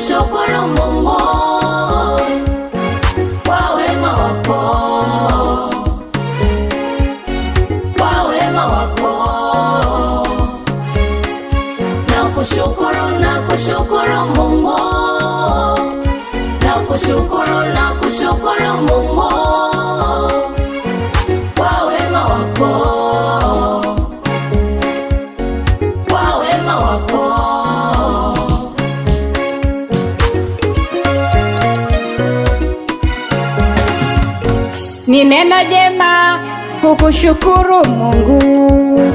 Tunashukuru Mungu kwa wema wako, kwa wema wako, nakushukuru, nakushukuru Mungu, nakushukuru, nakushukuru Mungu ni neno jema kukushukuru Mungu,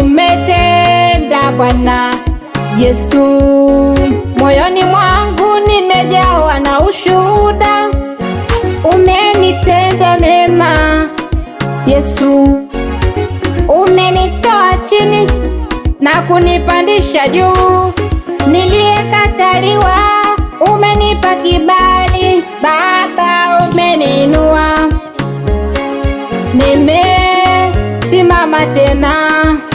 umetenda Bwana Yesu. Moyoni mwangu nimejawa na ushuhuda, umenitenda mema Yesu, umenitoa chini na kunipandisha juu, niliyekataliwa umenipa kibali tena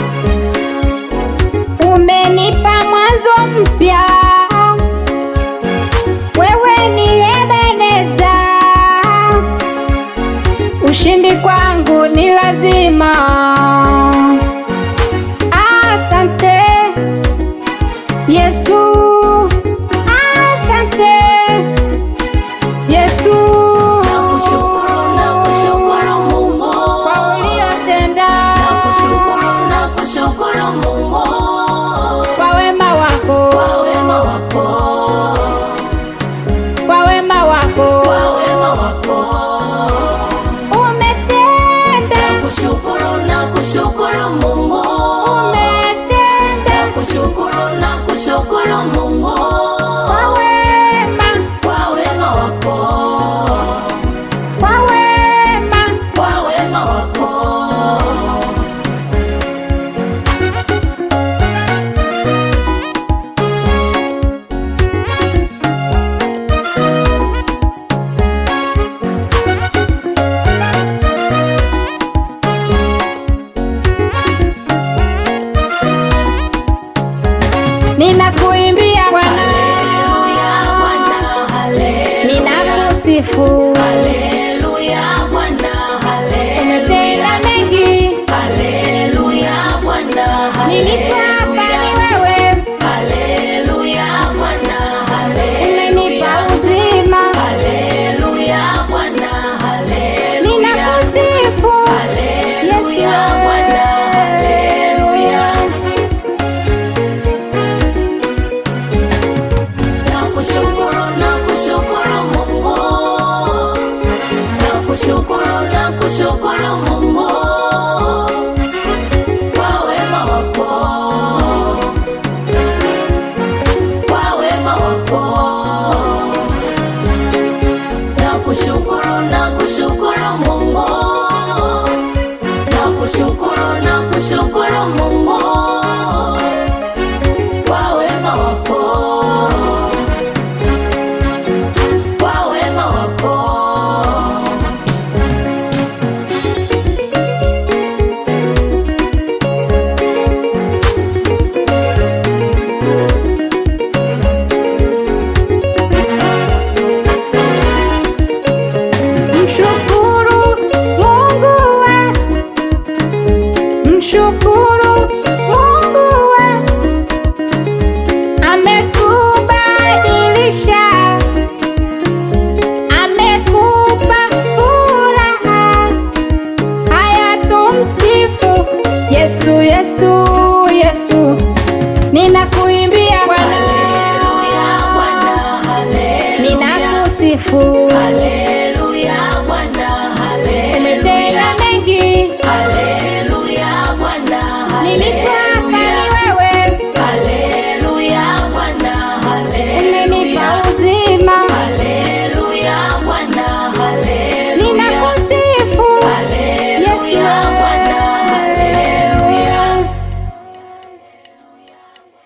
kusifu. Haleluya. kushukuru na kushukuru Mungu